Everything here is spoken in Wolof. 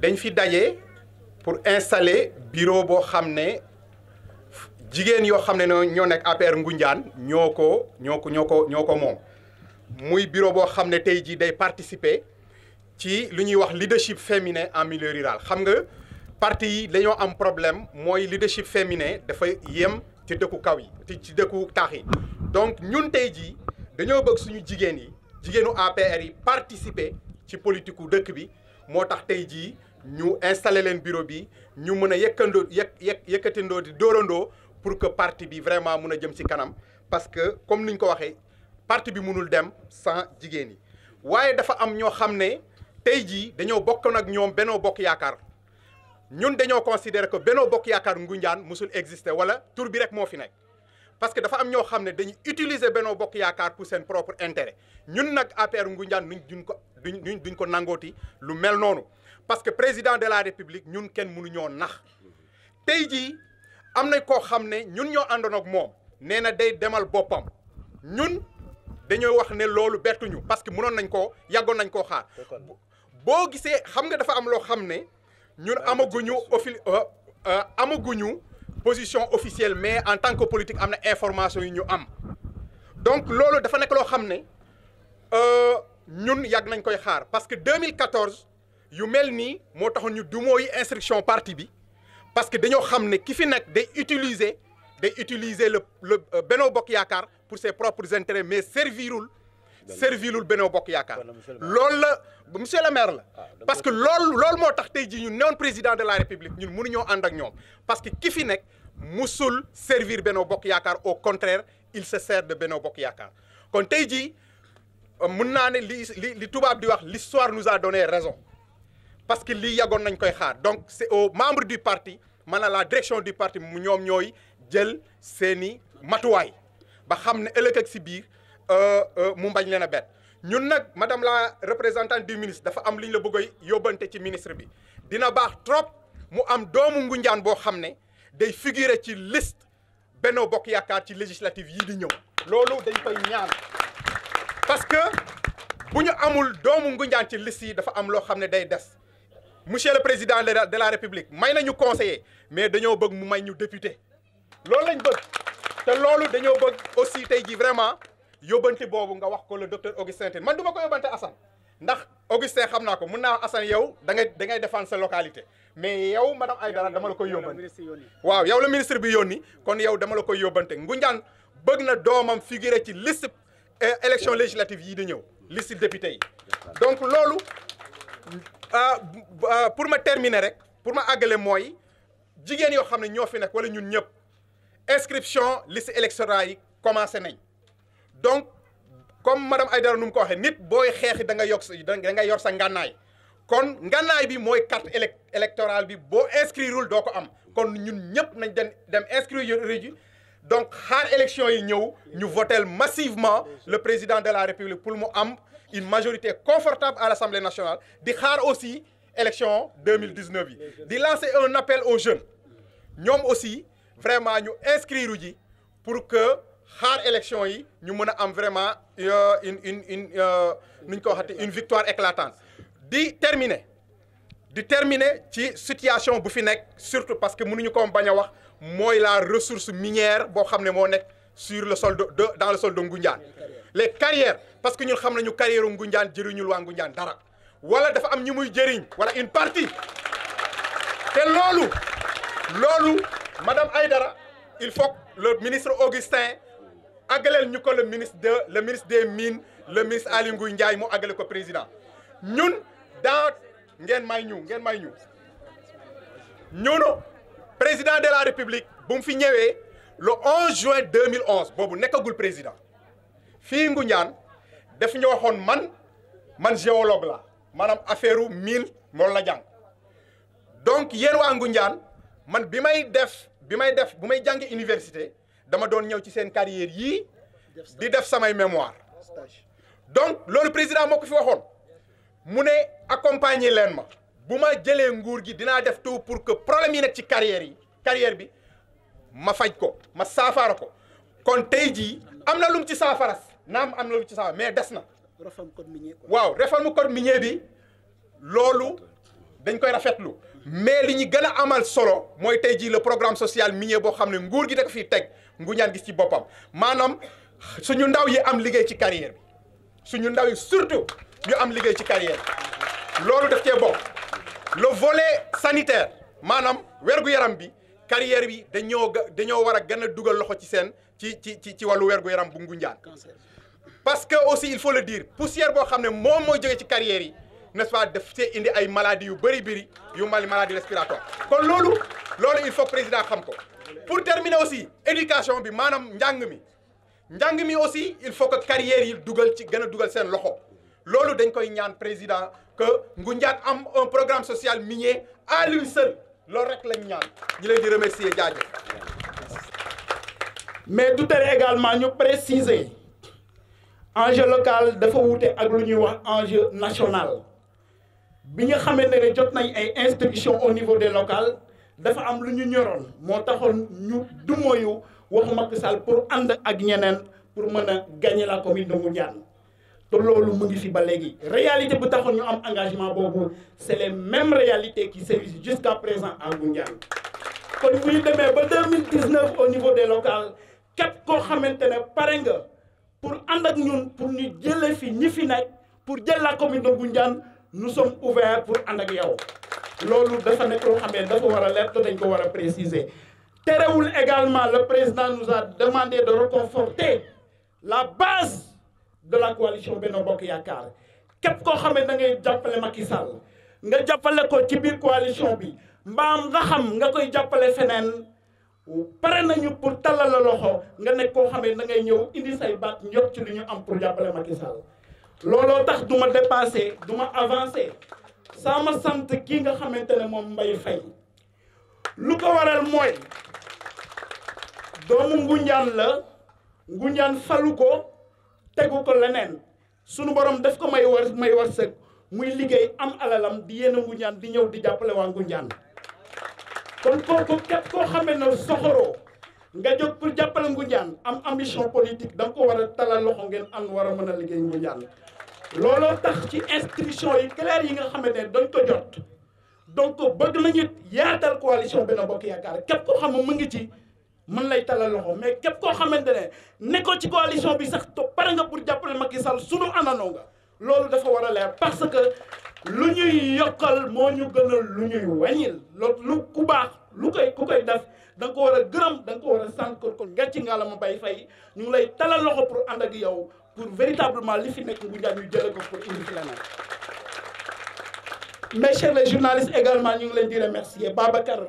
dañ fi daje pour installer bureau boo xam ne jigéen yoo xam ne ñoo nekk APR Ngoundiane ñoo ko ñoo ko ñoo ko ñoo ko moom muy bureau boo xam ne tey jii day participer ci li ñuy wax leadership féminin en milieu rural xam nga parti yi dañoo am problème mooy leadership féminin dafa yem ci dëkku kaw yi ci dëkku taax yi donc ñun tey jii dañoo bëgg suñu jigéen yi jigéenu APR yi participer ci politiku dëkk bi moo tax tey jii ñu installé leen bureau bi ñu mën a yëkkandoo yëk yëk yëkkatindoo di dóorandoo pour que parti bi vraiment mun a jëm ci kanam parce que comme ni ñu ko waxee parti bi munul dem sans jigéen yi waaye dafa am ñoo xam ne tey jii dañoo bokk nag ñoom Benno Bokk Yaakaar ñun dañoo considérer ko Benno Bokk Yaakaar Ngoundiane mosul exister wala tur bi rek moo fi nekk. parce que dafa am ñoo xam ne dañuy utiliser Benno Bokk Yaakaar pour seen propre intérêt ñun nag APR Ngoundiane nuñ duñ ko duñ duñ ko nangooti lu mel noonu parce que président de la république ñun kenn mënuñoo nax tey jii am nañ koo xam ne ñun ñoo àndoon moom nee na day demal boppam ñun dañoo wax ne loolu bettuñu parce que mënoon nañ ko yàggoon nañ koo xaar boo gisee xam nga dafa am loo xam ne ñun amaguñu ofil euh, euh, amaguñu position officielle mais en tant que politique am na information yi ñu am donc loolu dafa nekk loo xam ne euh, ñun yàgg nañ koy xaar parce que 2014 yu mel nii moo taxoon ñu dumooyi instruction parti bi parce que dañoo xam ne ki fi nekk day utiliser day utiliser le le euh, Benno Bokk Yaakaar pour ses propres intérêts mais servirul servilul Benno Bokk Yaakaar lool la monsieur le maire la ah, parce que loolu loolu moo tax tey jii ñu newoon président de la république ñun mënuñoo ànd ak ñoom parce que ki fi nekk musul servir Benno Bokk Yaakaar au contraire il se sert de Benno Bokk Yaakaar kon tey jii euh, mun naa ne li li li tubaab di wax l'histoire nous a donné raison parce que lii yàggoon nañ koy xaar donc c'est au membre du parti man la direction du parti mu ñoom ñooy jël seeni matuwaay ba xam ne ëllëg si biir Euh, euh, mu mbañ leen a bett ñun nag madame la représentante du ministre dafa am li ñu la bëgg a yóbbante ci ministre bi dina baax trop mu am doomu Ngunjaan boo xam ne day figure ci liste benn Bokk Yaakaar ci législative yii di ñëw loolu dañ koy ñaan parce que bu ñu amul doomu Ngunjaan ci liste yi dafa am loo xam ne day des monsieur le président de la république may nañu conseiller mais dañoo bëgg mu may ñu député loolu lañ bëgg te loolu dañoo bëgg aussi tey ji vraiment yóbbante boobu nga wax ko la docteur Augustin Tine man du ma ko yóbbante Assane ndax Augustin xam naa ko mun naa Assane yow da ngay da ngay défendre sa localité mais yow madame Aïdara dama la koy yóbbante waaw yow la ministre bi yónni kon yow dama la koy yóbbante Ngoundiane bëgg na doomam figurer ci liste euh, élection législative yi di ñëw liste député yi donc loolu euh, euh, pour ma terminer rek pour ma àggale mooy jigéen yoo xam ne ñoo fi nekk wala ñun ñëpp inscription liste électorale yi commencé nañ donc comme madame Aïdara nu mu ko waxee nit booy xeexi da nga yokk sa da nga yor sa kon ngànnaay bi mooy carte élec électorale bi boo inscrirul doo ko am kon ñun ñëpp nañ dem dem inscrire ji donc xaar élection yi ñëw ñu votel massivement le président de la république pour mu am une majorité confortable à l'assemblée nationale di xaar aussi élection 2019 yi di lancé un appel aux jeunes ñoom aussi vraiment ñu inscrire ji pour que xaar élection yi ñu mën a am vraiment euh, une une une euh, nu ñu ko waxati une victoire éclatante di terminer di terminer ci situation bu fi nekk surtout parce que mënuñu ko bañ a wax mooy la ressource minière boo xam ne moo nekk sur le sol de dans le sol de Ngoundiane le carrières parce que ñun xam nañu carrière u Ngoundiane jëriñul waa Ngoundiane dara wala dafa am ñi muy jëriñ wala une partie te loolu loolu madame dara il faut le ministre Augustin àggaleel ñu ko le ministre de le ministre de mines le ministre Aly Ngouille Ndiaye mu àggale ko président ñun dans ngeen may ñu ngeen may ñu ñunu président de la république bu mu fi ñëwee le 11 juin 2011 boobu nekkagul président fii Ngoundiane daf ñu waxoon man man géologue la maanaam affaire mine moom la jàng donc yéen waa Ngoundiane man bi may def bi may def bu may jàngi université dama doon ñëw ci seen carrière yii di def samay mémoire donc loolu président moo ko fi waxoon mu ne accompagner leen ma bu ma jëlee nguur gi dinaa def tout pour que problème yi nekk ci carrière yi carrière bi ma faj ko ma saafara ko kon tey jii am na lum ci saafara naam am na lum ci saafara mais des na. réforme code minier waaw réforme code minier bi loolu dañ koy rafetlu. mais li ñu gën a amal solo mooy tey jii la programme social minier boo xam ne nguur gi da ko fiy teg nguñaan gis ci boppam maanaam suñu ndaw yi am liggéey ci carrière bi suñu ndaw yi surtout ñu am liggéey ci carrière bi loolu daf cee bokk le volet sanitaire maanaam wergu-yaram bi carrière bi dañoo dañoo war a gën a dugal loxo ci seen ci ci ci ci wàllu wergu-yaram bu nguñaan parce que aussi il faut le dire poussière boo xam ne moom mooy jógee ci carrière yi n'est-ce pas daf indi ay maladies yu bëri bëri yu mal maladie respiratoire kon loolu loolu il faut président xam ko pour terminer aussi éducation bi maanaam njàng mi njàng mi aussi il faut que carrières yi dugal ci gën dugal seen loxo loolu dañ koy ñaan président que Ngoundiane am un programme social minier à lui loolu rek lañ ñaan ñi leen di remercier jaajëf mais du tere également ñu préciser enjeu local dafa wute ak lu ñuy wax enjeu national bi nga xamante ne jot nañ ay instruction au niveau des locales dafa am lu ñu ñoroon moo taxoon ñu dumóoyu waxu Macky sal pour ànd ak ñeneen pour mën a gagner la commune de Ngoundiane te loolu mu ngi fi ba léegi réalité bu taxoon ñu am engagement boobu c'est les mêmes réalités qui sévissent jusqu'à présent à Ngoundiane kon bu ñu demee ba 2019 au niveau des locales képp koo xamante ne pare nga pour ànd ak ñun pour ñu jëlee fi ñi fi nekk pour jël la commune de Ngoundiane nous sommes ouverts pour ànd ak yow loolu dafa nekk loo xam ne dafa war a leer te dañ ko war a préciser terewul également la président nous a demandé de reconforter la base de la coalition Benno Bokk Yaakaar képp koo xam ne da ngay jàppale Macky Sall nga jàppale ko ci biir coalition bi mbaam nga xam nga koy jàppale feneen pare nañu pour tallal la loxo nga nekk koo xam ne da ngay ñëw indi say baat njot ci lu ñu am pour jàppale Macky Sall looloo tax du ma dépassé du ma avancé sama sant kii nga xamante ne moom Mbaye Faye lu ko waral mooy doomu Ngunjaan la Ngunjaan falu ko tegu ko leneen sunu borom def ko may war may wërsëg muy liggéey am alalam di yéena Ngunjaan di ñëw di jàppale waa Ngunjaan kon kooku képp koo xame ne soxoroo nga jóg pour jàppale Ngoundiane am ambition politique da ko war a talal loxo ngeen am war a mën a liggéey Ngoundiane looloo tax ci instruction yi claire yi nga xamante ne dañ ko jot donc bëgg nañu yaatal coalition Benno Bokk Yaakaar képp koo xam ne mu ngi ci mën lay talal loxo mais képp koo xamante ne nekkoo ci coalition bi sax to pare nga pour jàppale Macky Sall sunu ananoo nga loolu dafa war a leer parce que lu ñuy yokkal moo ñu gënal lu ñuy wàññil loolu lu ku baax lu koy ku koy def da nga ko war a gërëm da nga ko war a sant kon kon ngàcci nga la ma bay fay ñu ngi lay talal loxo pour ànd ak yow pour véritablement li fi nekk Ngoundiane ñu jële ko pour indi fi leneen mes chers les journalistes également ñu ngi leen di remercier Babacar